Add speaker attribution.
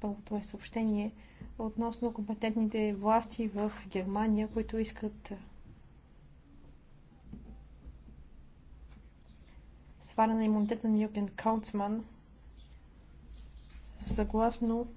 Speaker 1: Първото е съобщение относно компетентните власти в Германия, които искат е, сваляне на имунитета на Юрген Каунцман,
Speaker 2: съгласно